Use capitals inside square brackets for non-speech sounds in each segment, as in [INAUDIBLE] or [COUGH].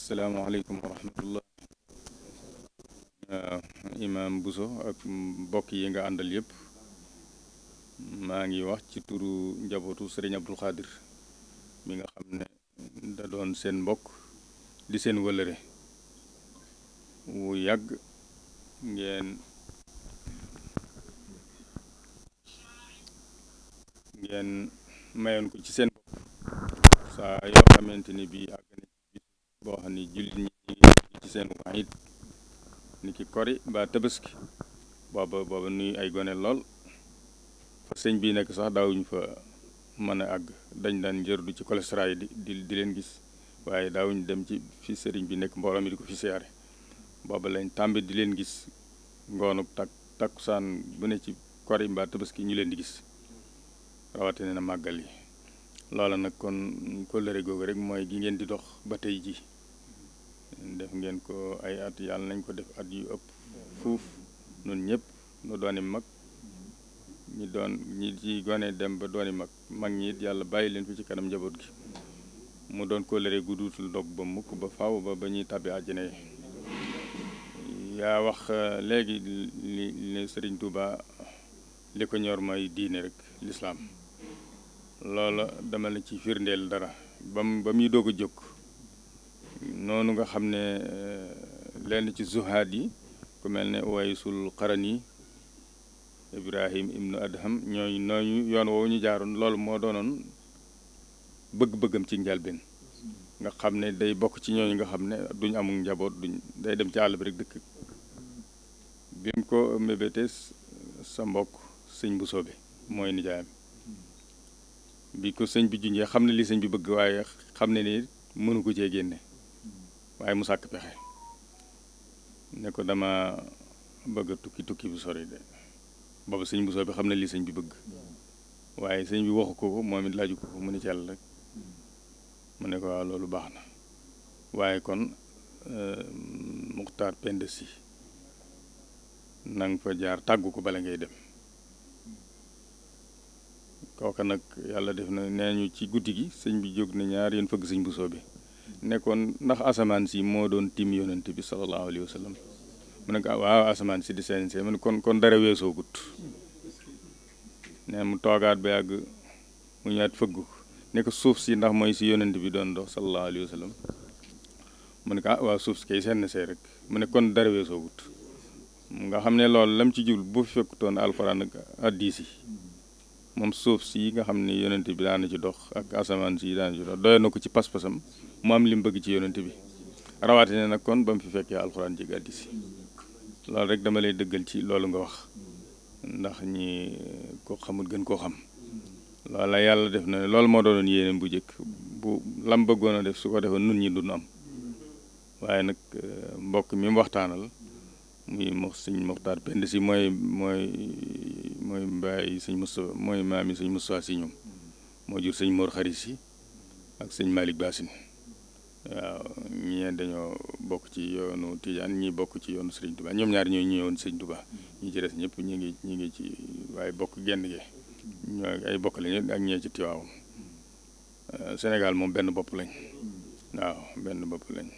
salaamaaleykum wa rahmatullah ah, imaam Bousso ak mbokk yi nga àndal yëpp maa ngi wax ci turu njabootu sëriñ Abdou Khadir Bok, nga xam ne da doon seen mbokk di seen wëlëre wu yàgg ngeen ngeen mayoon ko ci seen bopp saa boo xam ni ñi ci seen waayit ni ki kori ba tabaski booba booba nuy ay gone lol fa señ bi nek sax daawuñ fa mëna ag àgg dañ daan njërdu ci kolestra di di leen gis waaye daawuñ dem ci fi señ bi nek mbolam mi di ko fi siyaare bobu lañ tambi di leen gis tak takusan bu ne ci kori ba tabaski ñu leen di gis rawatina na magali lolana loola nag kon kóllëre rek moy gi ngeen di dox batay ji def ngeen ko ay at yàlla nañ ko def at yu ëpp fuuf nun ñëpp nu dooni mag ñi doon ñi ci gone dem ba dooni mag mag ñi it yàlla bàyyi leen fi ci kanam njaboot gi mu doon kóllëre gu duutul dog ba mukk ba faw ba ba ñuy tàbbi àjjana yi yaa wax euh, léegi li ne Sëriñ Tuuba li ko ñor mooy diine rek lislaam loola dama la ci firndeel dara ba mu ba muy doog a jóg noonu nga xam ne euh, lenn ci zuhaad yi ku mel ne Uwaysul Qarani Ibrahim ibnu Adham ñooñu nooñu yoon woowu ñu jaaroon loolu moo doonoon bëgg-bëggam ci njalbeen nga xam ne day bokk ci ñooñu nga xam ne duñ amul njaboot duñ day dem ci àll bi rek dëkk bi mu ko mébétee sa mbokk sëñ bu soobe mooy nijaayam bi ko sëñ bi junjee xam ne li sëñ bi bëgg waaye xam ne ni mënu ko cee génne waye mu sàkk pexe ne ko dama bëgg tukki tukki bu sori de bobu señ bu soo bi li señ bi bëgg waye señ bi waxuko ko ko laaju ko mu ne ci yàlla rek mu ne ko wa lolu baxna waye kon euh, muxtaar pend si nang fa jaar taggu ko bala ngay dem kooka nag yalla def na neñu ci guddi gi sëñ bi jog na ñaar yeen fëgg señ bu soo nekkoon ndax asamaan si moo doon tim yonent bi sallallahu alayhi wa sallam mu ne ko waaw asamaan si di seen see mu ne kon kon dara weesoo gut ne mu toogaat ba yàgg mu ñëwaat fëgg ne ko suuf si ndax mooy si yonent bi doon dox sallallahu alayhi wa sallam ah, waaw suuf si kay seen see rek mu ne kon dara weesoo gut nga xam ne loolu lam ci jublu bu fekkutoon alxuraan ak hadiis yi moom suuf si nga xam ne yonent bi daana ci dox ak asamaan si daana ci dox doy na ko ci pas-pasam mu am li mu bëgg ci yonent bi rawatina nag kon ba mu fi fekkee alxuraan ji gàddi si loolu rek dama lay dëggal ci loolu nga wax ndax ñi ko xamul gën koo xam loola yàlla def na loolu moo doon yéeneen bu njëkk bu lam bëggoon a def su ko defoon nun ñi duñu am waaye nag euh, mbokk mi mu waxtaanal muy mo sëñ Moxtaar Pend si mooy mooy mooy mbaay sëñ Moustapha mooy maam yi sëñ Moustapha si ñoom moo jur sëñ Mor Xari si ak sëñ Malick Bassine waaw ñii dañoo bokk ci yoonu Tijaan ñi bokk ci yoonu Serigne Touba ñoom ñaar ñooy ñëwoon Serigne Touba ñu ci des ñëpp ñu ngi ñu ngi ci waaye bokk genn gi ñoo ay bokk lañu ak ñee ci Tiwaawoon euh, Sénégal moom benn bopp lañ waaw benn bopp lañ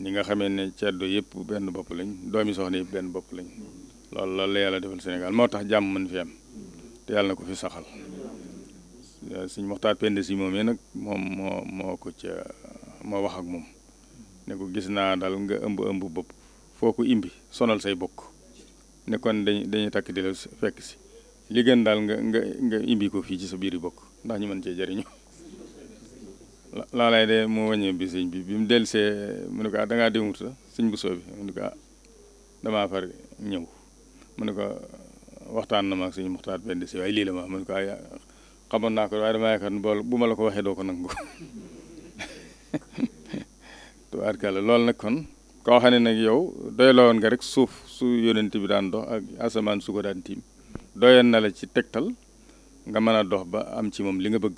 ni nga xamee ne ceddo yëpp benn bopp lañ doomi soxna yëpp benn bopp lañ loolu loolu la yàlla defal Sénégal moo tax jàmm mën fi am te yàlla na ko fi saxal euh, suñ Moxtaar Penda Si moomee nag moom moo moo ko ca. ma wax ak moom ne ko gis naa daal nga ëmb ëmb bopp foo ko imbi sonal say bokk ne kon dañ dañuy takk di la fekk si li gën daal nga nga nga imbi ko fii ci sa biir yi bokk ndax ñu mën cee jariñu laa lay de mu wàññee bi sëñ bi bi mu delsee mu ne ko ah dangaa demut sax sëñ bu soobi mu ne ko ah damaa far ñëw mu ne ko na ma ak sëñ Muxtaar lii la ma mu ah xamoon naa ko waaye damaa yaakaar bool bu ma la ko waxee doo ko nangu [LAUGHS] tubaarkàlla loolu nag kon koo xam ne nag yow doyloon nga rek suuf su yónent bi daan dox ak asamaan su ko daan tiim doyoon na la ci tegtal nga mën a dox ba am ci moom li nga bëgg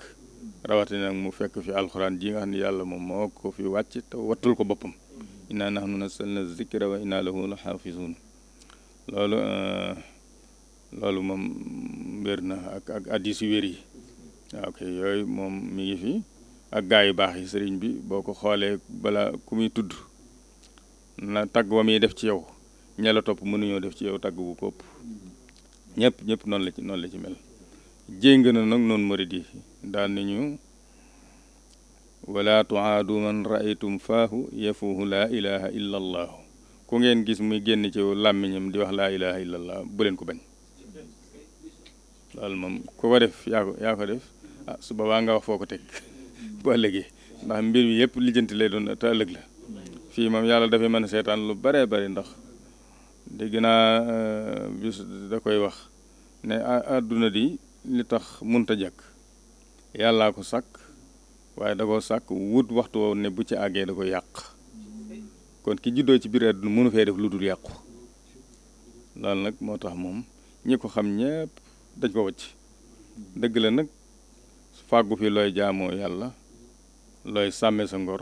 rawatina nag mu fekk fi alxuraan ji nga xam ne yàlla moom moo ko fi wàcc te wattul ko boppam inna nahnu nazzalna zikra wa inna lahu la xaafizuun loolu euh, loolu moom wér na ak ak addis yu wér yi waaw yooyu moom mi ngi fi ak gaa yu baax yi sëriñ bi boo ko xoolee balaa ku muy tudd na tagg wa def ci yow ñala la topp mënuñoo def ci yow tagg bu kopp ñëpp ñëpp noonu la ci noonu la ci mel jéng na nag noonu murid yi daan nañu wala tuaadu man raaytum faahu yafuhu laa ilaha illa ku ngeen gis muy génn ci làmmiñam di wax laa ilaha illa allah bu leen ko bañ loolu moom ku ko def yaa ko yaa ko def ah su boobaa nga wax foo ko teg bu ëllëgee ndax mbir yi yëpp lijjanti lay doon te ëllëg la fii moom yàlla dafay mën a seetaan lu baree bari ndax dégg naa euh, bis da koy wax ne àdduna di li tax munta jàkk yàllaa ko sàkk waaye da koo sàkk wut waxtu woo ne bu ci àggee da ko yàq kon ki juddoo ci biir àdduna mënu fee def lu dul yàqu loolu nag moo tax moom ñi ko xam ñëpp dañ ko wacc dëgg la nag fàggu fi looy jaamoo yàlla looy sàmme sa ngor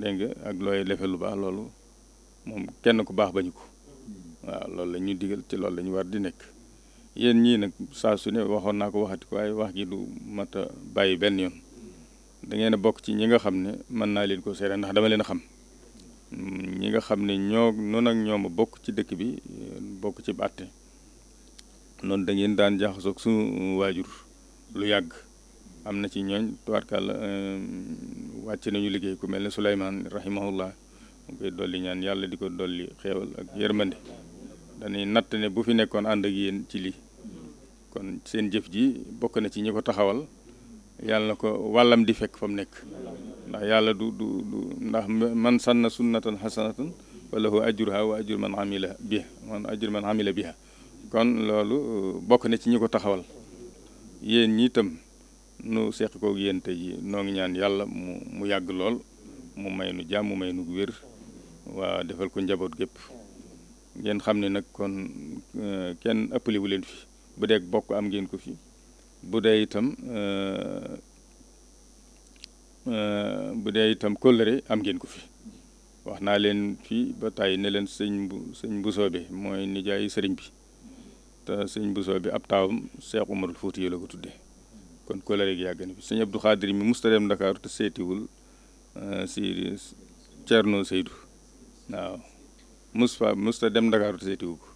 dégg nga ak looy defe lu baax loolu moom kenn ku baax bañu ko waaw loolu la ñuy digal ci loolu la ñu war di nekk yéen ñii nag saa su ne waxoon naa ko waxati waaye wax gi du mat bàyyi benn yoon dangeen bokk ci ñi nga xam ne mën naa leen ko seere ndax dama leen a xam ñi nga xam ne ñoo noonu ak ñoom a bokk ci dëkk bi bokk ci bàtte noonu da daan jaxasoo ak waajur lu yàgg am ci ñooñ tubaarkàlla wàcc nañu liggéey ku mel ne rahimahullah mu koy dolli ñaan yàlla di ko dolli xeewal ak yërmande dañuy natt ne bu fi nekkoon ànd ak yéen ci li kon seen jëf ji bokk na ci ñi ko taxawal yàlla na ko wàllam di fekk fa mu nekk ndax yàlla du du du ndax man sanna sunnatan hasanatan walahu ajruha wa ajru man amila biha man ajru man amila biha kon loolu bokk na ci ñi ko taxawal yéen ñi tam nu seq koog yéen tey ji noo ngi ñaan yàlla mu mu yàgg lool mu may nu jàmm mu may nu wér waa defal ko njaboot gépp ngeen xam ne nag kon euh, kenn ëppale wu leen fi bu dee bokk am ngeen ko fi bu dee itam euh, euh, bu dee itam kóllëre am ngeen ko fi wax naa leen fii ba tàyyi ne leen sëñ bu sëñ mbuso bi mooy nijaay sëriñ bi te sëñ mbuso bi ab taawam Cheikh Umarul Fuuti yi la ko tuddee. kon kóllëre gi yàgg na fi sëñ Abdu Xaadir mi musta dem Dakar te seetiwul euh, si Cerno Seydou waaw mus musta dem Dakar te seetiwu ko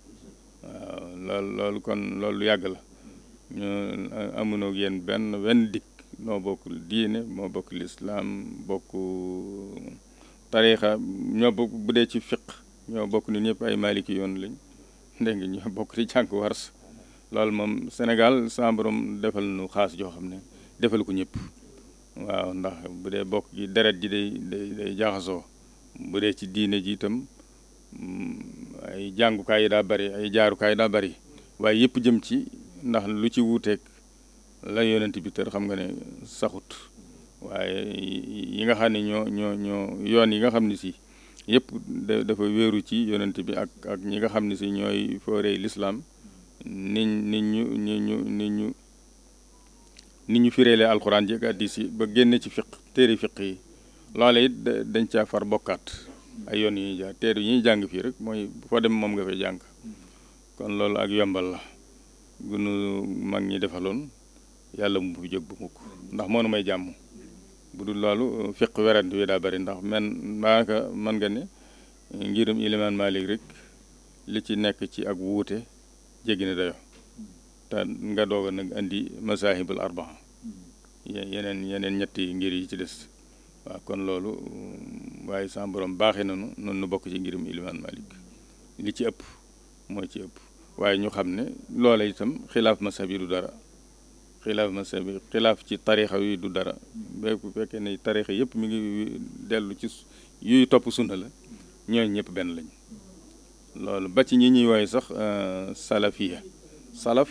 waaw loolu kon loolu yàgg la ñu euh, amunoo ak yéen benn wenn dikk noo bokk diine moo bokk lislaam bokk tariixa ñoo bokk bu dee ci fiq ñoo bokk ni ñëpp ay maliki yoon lañ dégg nga ñoo bokk di jàng wars loolu moom Sénégal sa defal nu xaas joo xam ne defal ko ñëpp waaw ndax bu dee bokk gi deret ji day day day jaaxasoo bu dee ci diine ji itam mm, ay jàngukaay yi daa bari ay jaarukaay yi daa bari waaye yëpp jëm ci ndax lu ci wuuteeg la yonent bi tër xam nga ne saxut waaye yi nga xam ni ñoo ñoo yoon yi nga xam ne si yëpp dafa wéeru ci yonent bi ak ñi nga xam ne si ñooy fooree lislaam niñ ni ñu ni ñu ni ñu ni ñu fireele alxuraan ji ak yi ba génne ci fiq téeri fiq yi loole it dañ caa far bokkaat ay yoon yu ñuy yi jàng fii rek mooy foo dem moom nga fay jàng kon loolu ak yombal la gunu mag ñi defaloon yàlla mu bu bu mukk ndax moonu may jàmm bu dul loolu fiq werant wi daa bëri ndax man maaka mën nga ne ngirum ilimaan Maalik rek li ci nekk ci ak wuute jéggi na dayo te nga doog nag indi masaahibul arbaa yeneen yeneen ñetti ngir yi ci des waaw kon loolu waaye sa baaxe nanu noonu nu bokk ci ngirum Ilimaan Malik li ci ëpp moo ci ëpp waaye ñu xam ne loola itam xilaaf masab yi du dara xilaaf masab yi xilaaf ci tarixa yi du dara bu fekkee ne tarixa yëpp mu ngi dellu ci yuy topp sunna la ñooñu ñëpp benn lañ loolu ba ci ñi ñuy woy sax euh, salafiya salaf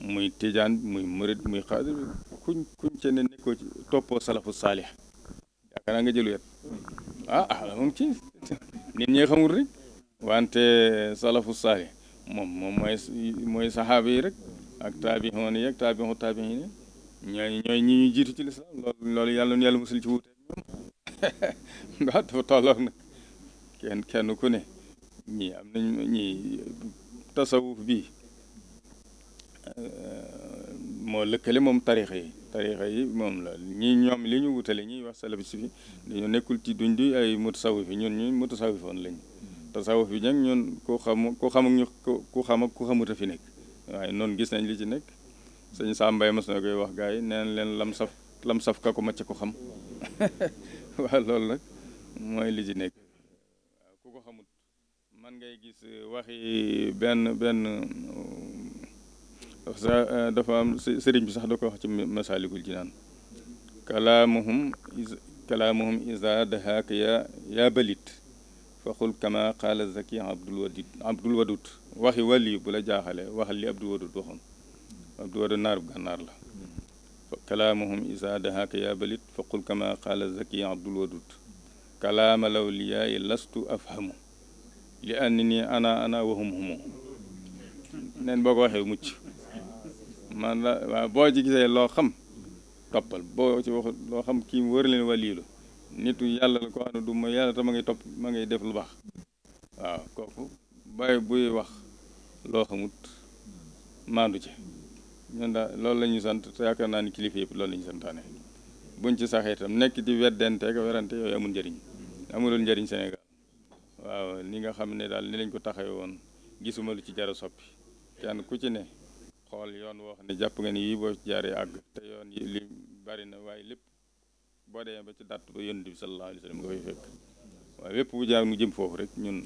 muy tijaan muy murid muy xaadir kuñ kuñ ci ne nekkoo ci toppoo salafu saalih yaakaar naa nga jëlu yet ah ah moom ci [LAUGHS] nit ñi xamul rek wante salafu saalih moom moom mooy mooy saxaaba yi rek ak taabihoon yi ak taabixu taabihin yi ñooy ñooy ñi ñu jiitu ci lislaam loolu loolu yàlla nu yàlla musul ci wuuteeg ñoom [LAUGHS] ndax dafa tolloo nag kenn kenn ku ne ñii am nañ ñii tasawuf bi euh, moo lëkkale moom tarixa yi tarixa yi moom la ñii ñoom li ñu wutale ñuy wax salaf si fi dañoo nekkul ci duñ di ay mutasawif yi ñun ñu mutasawifoon lañ tasawuf bi nag ñun ku xam ku xam ak ñu ku ku xamut fi nekk waaye noonu gis nañ li ci nekk sëñ Sàmbaay mas na koy wax gaa yi neen leen lam saf lam saf ka ko macc ko xam [LAUGHS] waaw loolu nag mooy li ci nekk man ngay gis waxi benn benn dafa am sëriñ bi sax da wax ci masaalikul jinaan kalaamuhum kalaamuhum isa dahaaka ya yaa balit waxul kama qaala zaki abdul wadud abdul wadud waxi wali bu la jaaxale waxal li abdul wadud waxoon abdul wadud naar bu gànnaar la kalaamuhum isa dahaaka yaa balit faqul kama qaala zaki abdul wadud kalaama law liyaay lastu li ànd ana ana waxum humu neen boo ko waxee mucc man la waaw boo ci gisee lo xam toppal bo ci wax lo xam ki wër leen walilu nitu yalla ko anu du ma yalla te ma ngay topp ma ngay def lu baax waaw kooku bàyyi buy wax lo xamut maandu ci ñun da loolu lañu sant te yaakaar naa ni kilifa yëpp loolu lañu santaane buñ ci saxee itam nekk di ak werante yooyu amul njëriñ amulul njëriñ Sénégal waaw ni nga xam ne daal ni lañ ko taxawee woon gisuma lu ci jara soppi kenn ku ci ne xool yoon woo xam ne jàpp nga ni yii boo jaaree àgg te yoon yi li bari na waaye lépp boo demee ba ci dàtt ba yonent bi sallallahu alayhi wa sallam nga koy fekk waaye lépp bu jaar mu jëm foofu rek ñun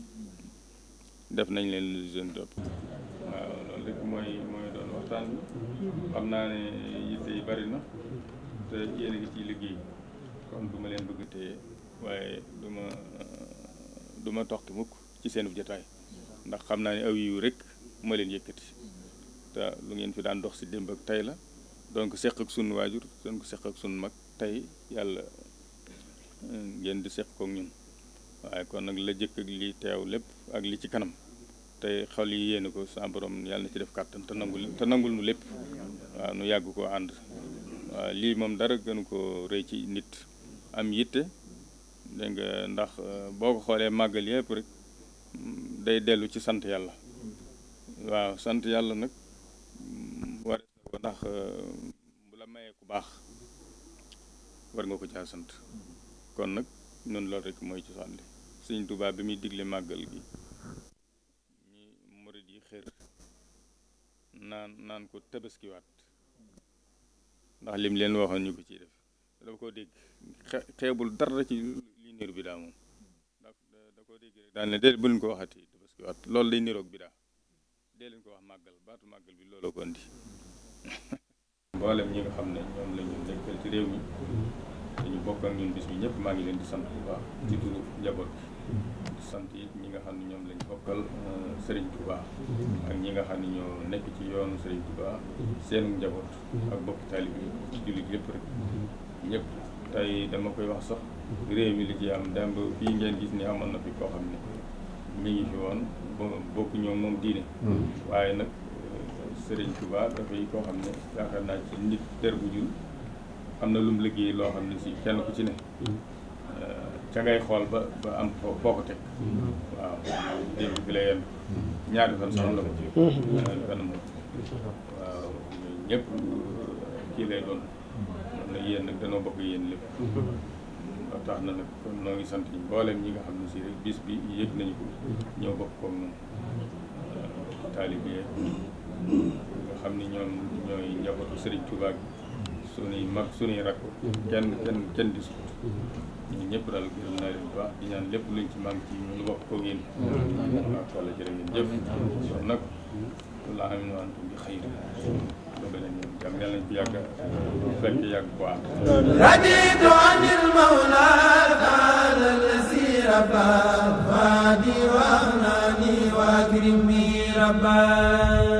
def nañ leen lu seen topp waaw loolu rek mooy mooy doon waxtaan bi xam naa ne yi bari na te yéen a ngi liggéey kon du leen bëgg téye waaye du du ma tox ki mukk ci seen jotaay ndax xam naa ne aw yiw rek ma leen yëkkati te lu ngeen fi daan dox si démb ak tey la donc seq ak sunu waajur donc seq ak sunu mag tey yàlla ngeen di seq kook kon nag la jëkk ak li teew lépp ak li ci kanam te xaw yi yéene ko saa borom yàlla na ci def kàttan te nangul te nangul nu lépp waaw nu yàgg ko ànd waaw lii moom dara gën ko rëy ci nit am yitte dégg nga ndax euh, boo ko xoolee màggal yëpp rek day dellu ci sant yàlla waaw sant yàlla nag mm, warees na ko ndax euh, bu la mayee ku baax war nga ko caa sant kon nag noonu loolu rek mooy ci sànni Sëñ tubaab bi muy digle màggal gi ñi murid yi xër naan naan ko tabaskiwaat ndax lim leen waxoon ñu ko ciy dafa ko dégg xeebul dara ci niru bidaa moom ndax da ko dégg rek daan ne déedéet bu leen ko waxati tabaski waat loolu day niroog bidaa dee leen ko wax màggal baatu màggal bi looloo ko andi [LAUGHS] mboolem ñi nga xam ne ñoom la ñu nekkal ci réew mi dañu bokk ak ñun bis bi ñëpp maa ngi leen di sant bu baax ci turu sant it ñi nga xam ne ñoom lañ bokkal euh, Serigne Touba ak ñi nga xam ne ñoo nekk ci yoonu Serigne Touba seen njaboot ak bokk taalib jullit yëpp rek ñëpp tey dama koy wax sax réew mi li ci am demb fii ngeen gis ni amoon na fi koo xam ne mi ngi fi woon bokku ñoom moom diine mm-hmm. waaye nag euh, sëriñ Tuubaa dafay koo xam ne yaakaar naa ci nit ter bu jul am na lum liggéey loo xam ne si kenn ku ci ne mm-hmm. euh, ca ngay xool ba ba am foo ko teg mm-hmm. waaw dégg bi la yenn ñaari fan sax la ko ci fan moom waaw ñëpp euh, kii lay doon yéen nag danoo bokk yéen lépp mm-hmm. ba tax na nag kon noo ngi sant mbooleem ñi nga xam ne si rek bis bi yëg nañu ko mm-hmm. ñoo bokk koog moom mm-hmm. taalibe nga xam ni ñoom ñooy njabootu Serigne Touba gi sunuy mag su rakk kenn kenn kenn di sut ñun ñëpp daal gërëm naa lépp luñ ci mag ci ñu bokk koog yéen waaw taala jërë ngeen jëf kon nag laa am na antum xëy yàlla yàlla nañ ko yàgg fekk yàgg ko am raditu anil mawla ta'ala allazi rabba fadi wa anani wa akrimi rabba